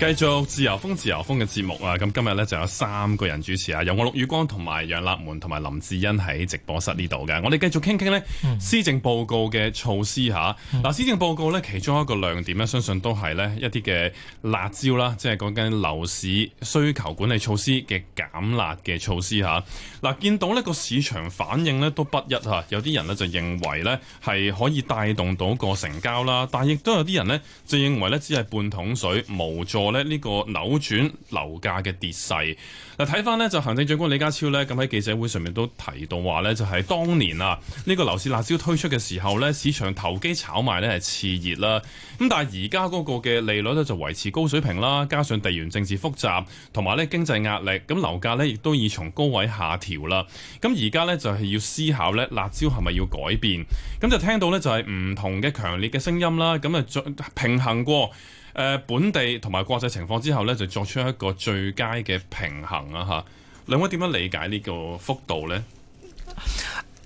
繼續自由風自由風嘅節目啊！咁今日咧就有三個人主持啊，由我陸宇光同埋楊立門同埋林志恩喺直播室呢度嘅。我哋繼續傾一傾咧，施政報告嘅措施吓。嗱、嗯，施政報告呢，其中一個亮點咧，相信都係呢一啲嘅辣招啦，即係講緊樓市需求管理措施嘅減辣嘅措施吓。嗱，見到呢個市場反應咧都不一吓，有啲人呢就認為呢係可以帶動到個成交啦，但亦都有啲人呢就認為呢只係半桶水，無助。呢、這個扭轉樓價嘅跌勢。嗱，睇翻呢就行政長官李家超呢咁喺記者會上面都提到話呢就係、是、當年啊，呢、這個樓市辣招推出嘅時候呢，市場投機炒賣呢係熾熱啦。咁但係而家嗰個嘅利率呢，就維持高水平啦，加上地緣政治複雜，同埋呢經濟壓力，咁樓價呢亦都已從高位下調啦。咁而家呢，就係、是、要思考呢，辣招係咪要改變？咁就聽到呢，就係、是、唔同嘅強烈嘅聲音啦。咁啊，平衡過。誒，本地同埋國際情況之後呢，就作出一個最佳嘅平衡啊！嚇，兩位點樣理解呢個幅度呢？誒、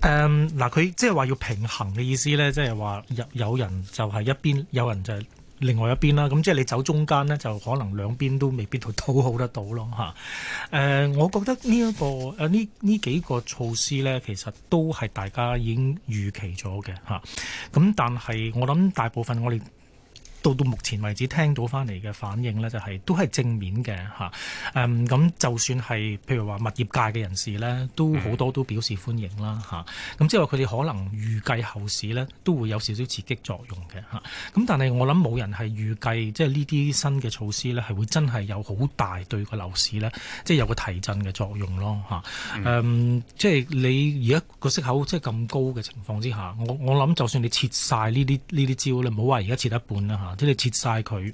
呃，嗱，佢即係話要平衡嘅意思呢，即係話有有人就係一邊，有人就係另外一邊啦。咁即係你走中間呢，就可能兩邊都未必到討好得到咯，嚇、啊啊。我覺得呢一個誒呢呢幾個措施呢，其實都係大家已經預期咗嘅嚇。咁、啊、但係我諗大部分我哋。到到目前為止聽到翻嚟嘅反應呢，就係、是、都係正面嘅嚇。咁、嗯，就算係譬如話物業界嘅人士呢，都好多都表示歡迎啦，咁即係話佢哋可能預計後市呢，都會有少少刺激作用嘅。咁、啊、但係我諗冇人係預計即係呢啲新嘅措施呢，係會真係有好大對個樓市呢，即、就、係、是、有個提振嘅作用咯嚇。即、啊、係、嗯嗯就是、你而家個息口即係咁高嘅情況之下，我我諗就算你撤晒呢啲呢啲招咧，唔好話而家撤一半啦、啊即你切晒佢，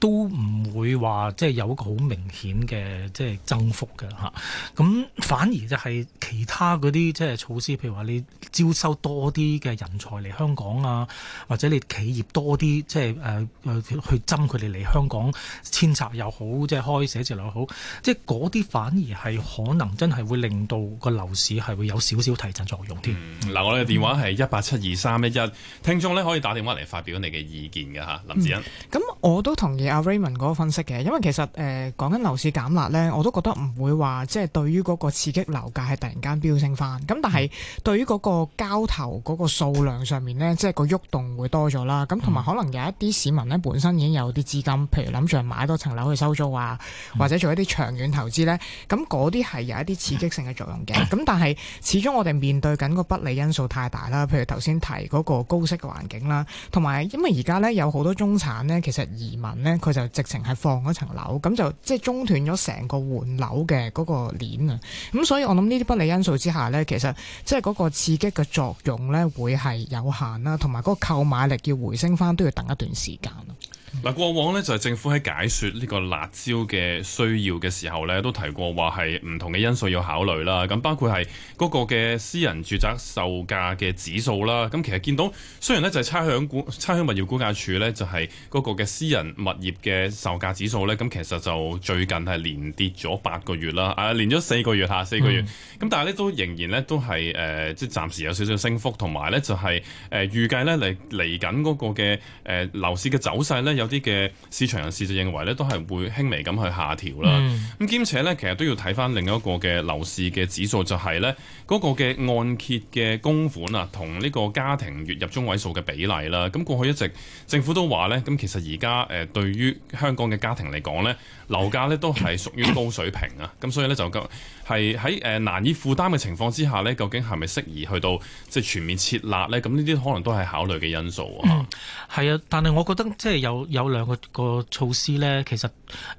都唔會話，即係有一個好明顯嘅即係增幅嘅吓，咁反而就係其他嗰啲即係措施，譬如話，你招收多啲嘅人才嚟香港啊，或者你企業多啲即係誒誒去爭佢哋嚟香港遷拆又好，即係開寫字樓又好，即係嗰啲反而係可能真係會令到個樓市係會有少少提振作用添。嗱、嗯，我哋電話係一八七二三一一，聽眾咧可以打電話嚟發表你嘅意見嘅吓。咁、嗯、我都同意阿 Raymond 嗰個分析嘅，因為其實誒講緊樓市減辣咧，我都覺得唔會話即係對於嗰個刺激樓價係突然間飆升翻。咁但係對於嗰個交投嗰個數量上面咧，即、就、係、是、個喐動會多咗啦。咁同埋可能有一啲市民咧，本身已經有啲資金，譬如諗住買多層樓去收租啊，或者做一啲長遠投資咧，咁嗰啲係有一啲刺激性嘅作用嘅。咁但係始終我哋面對緊個不利因素太大啦，譬如頭先提嗰個高息嘅環境啦，同埋因為而家咧有好多。中產咧，其實移民咧，佢就直情係放咗層樓，咁就即係中斷咗成個換樓嘅嗰個鏈啊。咁所以我諗呢啲不利因素之下咧，其實即係嗰個刺激嘅作用咧會係有限啦，同埋嗰個購買力要回升翻都要等一段時間咯。嗱，過往咧就係、是、政府喺解說呢個辣招嘅需要嘅時候咧，都提過話係唔同嘅因素要考慮啦。咁包括係嗰個嘅私人住宅售價嘅指數啦。咁其實見到雖然咧就係差響股差響物業估價處咧，就係、是、嗰個嘅私人物業嘅售價指數咧，咁其實就最近係連跌咗八個月啦，啊連咗四個月吓四個月。咁、嗯、但係咧都仍然咧都係誒即係暫時有少少升幅，同埋咧就係誒預計咧嚟嚟緊嗰個嘅誒樓市嘅走勢咧。有啲嘅市場人士就認為咧，都係會輕微咁去下調啦。咁、嗯、兼且咧，其實都要睇翻另一個嘅樓市嘅指數，就係咧嗰個嘅按揭嘅供款啊，同呢個家庭月入中位數嘅比例啦。咁過去一直政府都話咧，咁其實而家誒對於香港嘅家庭嚟講咧，樓價咧都係屬於高水平啊。咁 所以咧就係喺誒難以負擔嘅情況之下咧，究竟係咪適宜去到即係全面設立咧？咁呢啲可能都係考慮嘅因素啊。係、嗯、啊，但係我覺得即係有。有兩個個措施咧，其實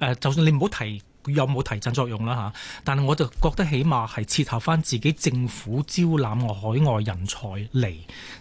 誒就算你唔好提。有冇提振作用啦吓，但係我就覺得起碼係切合翻自己政府招攬海外人才嚟，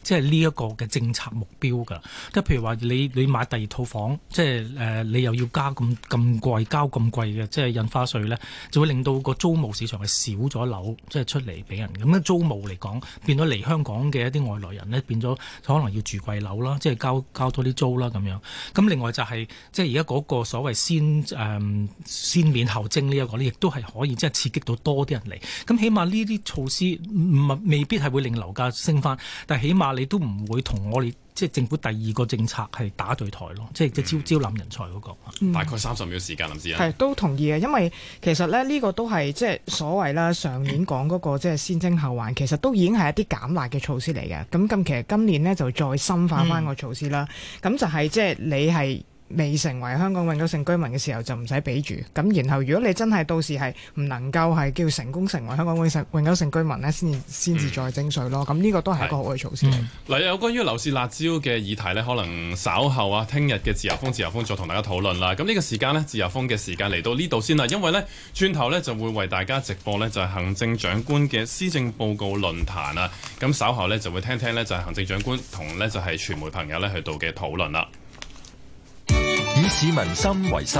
即係呢一個嘅政策目標噶，即係譬如話你你買第二套房，即係誒你又要加咁咁貴交咁貴嘅即係印花稅咧，就會令到個租務市場係少咗樓，即係出嚟俾人咁樣租務嚟講，變咗嚟香港嘅一啲外來人咧，變咗可能要住貴樓啦，即係交交多啲租啦咁樣，咁另外就係、是、即係而家嗰個所謂先誒先免。求精呢一個呢，亦都係可以即係刺激到多啲人嚟。咁起碼呢啲措施唔未必係會令樓價升翻，但起碼你都唔會同我哋即係政府第二個政策係打對台咯、嗯。即係即係招招攬人才嗰、那個、嗯。大概三十秒時間，林子啊。係都同意嘅，因為其實咧呢個都係即係所謂啦上年講嗰個即係先徵後還、嗯，其實都已經係一啲減辣嘅措施嚟嘅。咁咁其實今年呢，就再深化翻個措施啦。咁、嗯、就係、是、即係你係。未成為香港永久性居民嘅時候就唔使俾住，咁然後如果你真係到時係唔能夠係叫成功成為香港永久永久性居民呢，先先至再徵稅咯。咁呢個都係一個好嘅措施。嗱、嗯，有關於樓市辣招嘅議題呢，可能稍後啊，聽日嘅自由風自由風再同大家討論啦。咁呢個時間呢，自由風嘅時間嚟到呢度先啦，因為呢轉頭呢，就會為大家直播呢，就係、是、行政長官嘅施政報告論壇啊。咁稍後呢，就會聽聽呢，就係、是、行政長官同呢，就係、是、傳媒朋友呢，去到嘅討論啦。市民心為心。